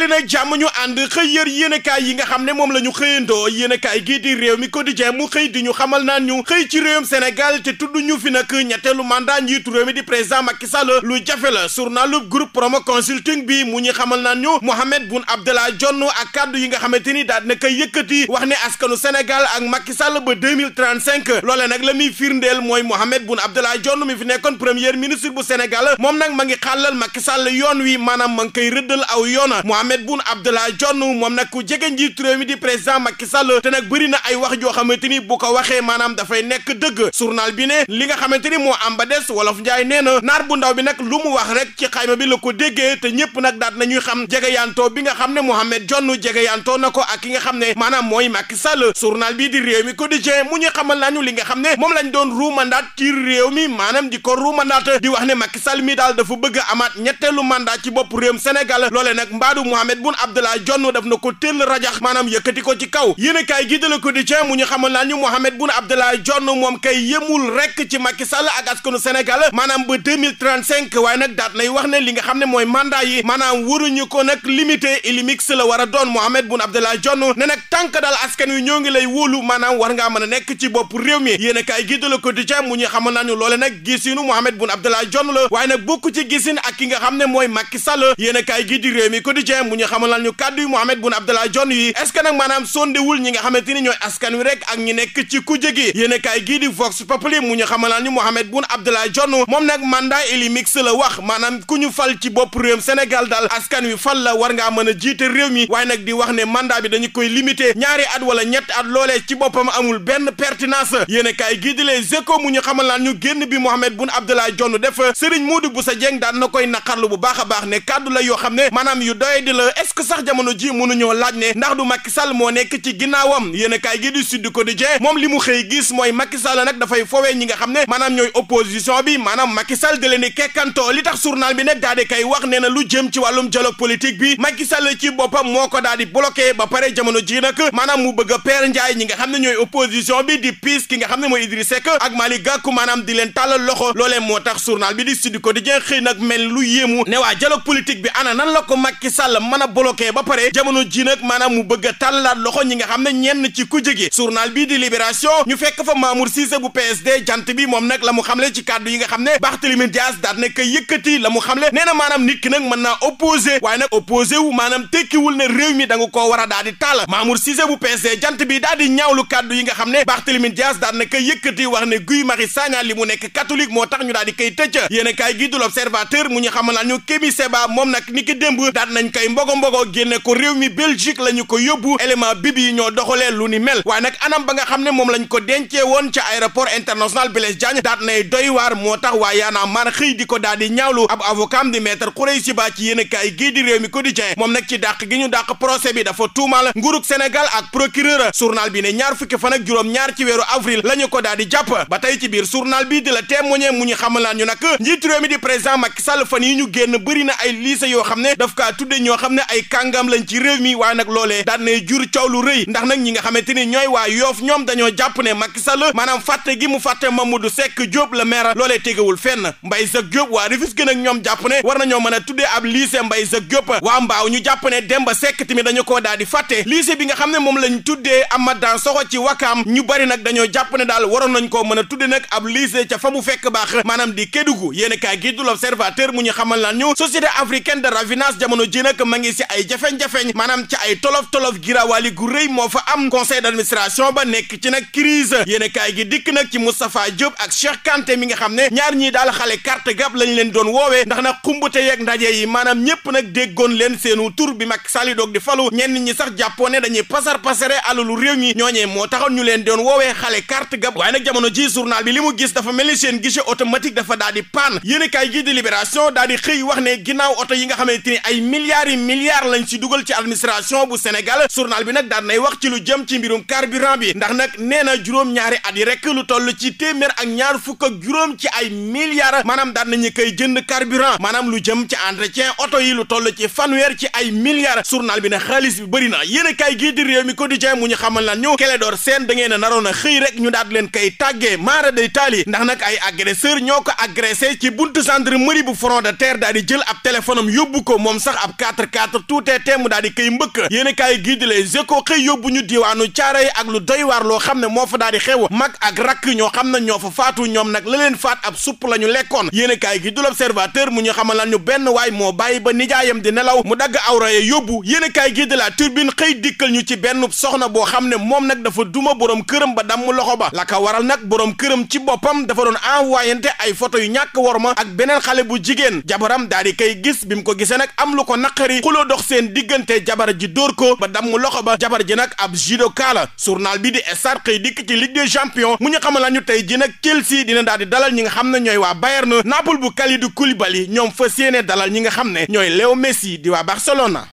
dali nag jàmm ñu ànd xëy yër yéenekaay yi nga xam ne moom la ñu xëyandoo yéenekaay gii di réew mi quotidien mu xëy di ñu xamal naan ñu xëy ci réewum Sénégal te tudd ñu fi nag ñetteelu mandat njiitu réew mi di président Macky Sall lu jafe la journalu groupe promo consulting bi mu ñu xamal naan ñu Mohamed Boun Abdallah Dionne ak kàddu yi nga xamante ni daal na koy yëkkati wax ne askanu Sénégal ak Macky Sall ba 2035 loole nag la muy firndeel mooy Mohamed Boun Abdallah Dionne mi fi nekkoon premier ministre bu Sénégal moom nag ma ngi xàllal Macky Sall yoon wi maanaam ma ngi koy rëddal aw yoon Mohamed Boun Abdallah Dionne moom nag ku jege njiitu di président Macky Sall te nag bëri na ay wax joo xamante ni bu ko waxee maanaam dafay nekk dëgg journal bi ne li nga xamante ni moo am ba des wolof Njaay nee na naar bu ndaw bi nag lu mu wax rek ci xayma bi la ko déggee te ñëpp nag daat nañuy xam jegeyantoo bi nga xam ne Mohamed Dionne jegeyantoo na ko ak ki nga xam ne maanaam mooy Macky Sall journal bi di réew mi quotidien mu ñu xamal nañu li nga xam ne moom lañ doon ruumandaat ci réew mi maanaam di ko ruumandaat di wax ne Macky Sall mi daal dafa bëgg amaat ñetteelu mandat ci bopp réewum Sénégal loole nag mbaadu Mohamed Boun Abdallah Dionne daf na ko tëll rajax maanaam yëkkati ko ci kaw yéen a kaay gi de la ko di cee mu ñu xamal naa ñu Mohamed Boun Abdallah moom kay yëmul rek ci Macky ak askanu Sénégal maanaam ba 2035 waaye nag daat nay wax ne li nga xam ne mooy mandat yi maanaam waruñu ko nag limité ilimix la war a doon Mohamed Boun Abdallah Dionne ne tànk daal askan wi ñoo ngi lay wóolu maanaam war ngaa mën a nekk ci bopp réew mi yéen a kaay gi de la ko di cee mu ñu xamal naa ñu loole nag gisinu Mohamed Boun ki nga xam ne mooy Macky Sall yéen mu ñu xamalal ñu kàddu yi Mohamed Boun Abdallah Dionne yi est ce que nag maanaam sondewul ñi nga xamante ni ñooy askan wi kaay gii di Vox Populi mu ñu xamalal ñu Mohamed Boun Abdallah Dionne moom nag mandat éli mix la wax maanaam ku ñu fal ci bopp réewum Sénégal daal askan wi fal la war ngaa mën a jiite réew mi waaye nag di wax ne mandat bi dañu koy limité ñaari at wala ñetti at loolee ci boppam amul benn pertinence yéen a gii di Les Échos mu ñu xamal laan ñu génn bi Mohamed Boun Abdallah Dionne def Serigne Modou Bousso Dieng daan na koy naqarlu bu baax a baax ne kàddu la yoo xam ne maanaam yu doy di la est-ce que sax jamono ji mënuñoo laaj ne ndax du Macky Sall moo nekk ci ginnaawam yéen a kaay gi di Sud Quotidien moom li mu xëy gis mooy Macky Sall nag dafay foowee ñi nga xam ne maanaam ñooy opposition bi maanaam Macky Sall da leen di kekkantoo li tax journal bi nag daal di kay wax ne na lu jëm ci wàllum dialogue politique bi Macky Sall ci boppam moo ko daal di bloqué ba pare jamono ji nag maanaam mu bëgg a peer njaay ñi nga xam ne ñooy opposition bi di piis ki nga xam ne mooy Idrissa Seck ak Malick di leen tàllal loxo loolee moo tax journal bi di Sud xëy nag mel lu yéemu ne waa dialogue politique bi ana nan la ko Macky Sall mën a bloqué ba pare jamono ji nag maanaam mu bëgg a tàllaat loxo ñi nga xam ne ñenn ci ku jege journal bii di libération ñu fekk fa Mamour Cissé bu PSD jant bi moom nag la mu xamle ci kàddu yi nga xam ne Barthélémy Dias daat na ko la mu xamle nee na maanaam nit ki mën naa opposé waaye nag opposé wu maanaam tekkiwul ne réew mi da nga koo war a daal di taal Mamour Cissé bu PSD bi daal di ñaawlu kàddu yi nga xam ne Barthélémy Dias daat na ko yëkkati wax ne Guy Marius Sagna li mu nekk catholique moo tax ñu daal di koy tëcc yéen a kaay gi du mu ñu xamal ñu Kémi Seba moom nag ni ki démb daat nañ koy mbogo mbogo génne ko réew mi Belgique la ñu ko yóbbu élément bibi yi ñoo doxalee lu ni mel waaye nag anam ba nga xam ne moom lañ ko dence woon ca aéroport international Blaise Diagne daat nay doy waar moo tax waa yaanaa man xëy di ko daal di ñaawlu ab avocat di maître Khoureychi Ba ci yéenekaay gii di réew mi quotidien moom nag ci dàq gi ñu dàq procès bi dafa tuumal nguurug Sénégal ak procureur journal bi ne ñaar fukki fan ak juróom ñaar ci weeru avril la ñu ko daal di jàpp ba tey ci biir bi di la témoigner mu ñu xamalaan ñu nag njiitu réew mi di président génn bëri na ay lycée yoo xam ne daf kaa tudde ñoo xam ne ay kàngam lañ ci réew mi waaye nag loolee daan nay jur coow lu rëy ndax nag ñi nga ni ñooy waa yoof ñoom dañoo jàpp ne Macky Sall maanaam fàtte gi mu fàtte Mamadou Seck Diop la maire loolee tegewul fenn Mbaye Zack Diop waa Rufisque nag ñoom jàpp ne war nañoo mën a tuddee ab lycée Mbaye Zack Diop di fàtte lycée bi nga xam ne moom lañ tuddee Amadan Soxo ci Wakaam ñu bari nag dañoo jàpp ne daal waroon nañ koo mën a tudde nag ab lycée ca fa mu fekk baax maanaam di Kédougou yéen kaay gi du l'Observateur mu ñu xamal lan société africaine de raffinage jamono ji ma ngi si ay jafeñ maanaam ci ay tolof-tolof girawaali gu rëy moo fa am conseil d'administration ba nekk ci nag crise yéen kaay gi dikk nag ci Moustapha Diop ak Cheikh Kanté mi nga xam ne ñaar ñii daal xale carte gab lañ leen doon woowee ndax na xumbute yeeg ndaje yi maanaam ñëpp nag déggoon leen seenu tur bi mag Sall doog di falu ñenn ñi sax jàppoo ne dañuy pasar pasare alalu réew ñi ñooñee moo taxoon ñu leen doon woowe xale carte gab waaye nag jamono ji journal bi li mu gis dafa mel ni seen guichet automatique dafa daal di panne yéen kaay gi di xëy wax ne ginnaaw oto yi nga xamante ni ay milliards milliards lañ ci dugal ci administration bu Sénégal journal bi nag daan nay wax ci lu jëm ci mbirum carburant bi ndax nag nee na juróom-ñaari at yi rek lu toll ci téeméer ak ñaar fukk juróom ci ay milliards maanaam daan nañu koy jënd carburant maanaam lu jëm ci entretien oto yi lu toll ci fanweer ci ay milliards journal bi nag xaalis bi bëri na yéen kay gii di réew mi quotidien mu ñu xamal lan ñu Clédor seen da ngeen a naroon a xëy rek ñu daal di leen koy tàggee maara day taali ndax nag ay agresseur ñoo ko agressé ci buntu gendarmerie bu front de terre daal di jël ab téléphone yóbbu ko moom sax ab 24 tuutee temm daal di koy mbëkk yéen a kaay gii di les échos xëy yóbbu ñu diwaanu caare ak lu doy waar loo xam ne moo fa daal di xew mag ak rakk ñoo xam ne ñoo fa faatu ñoom nag la faat ab supp la ñu lekkoon yéen a kaay gi du l'observateur mu ñu xam lan ñu benn waay moo bàyyi ba nijaayam di nelaw mu dagg awra ya yóbbu yéen a kaay gi de la turbine xëy dikkal ñu ci benn soxna boo xam ne moom nag dafa duma boroom këram ba damm loxo ba la waral nag boroom këram ci boppam dafa doon envoyante ay photo yu ñàkk war ak beneen xale bu jigéen jabaram daal di koy gis bi mu ko gisee nag bi dox seen diggante jabar ji dóor ko ba damm loxo ba jabar ji nag ab judoka la journal bi di Stades xëy dikk ci Ligue des champions mu ñu xamal la ñu tey ji nag Chelsea dina daal di dalal ñi nga xam ne ñooy waa Bayern Naples bu Kalidou Koulibaly ñoom fas yéene dalal ñi nga xam ne ñooy Léo Messi di waa Barcelona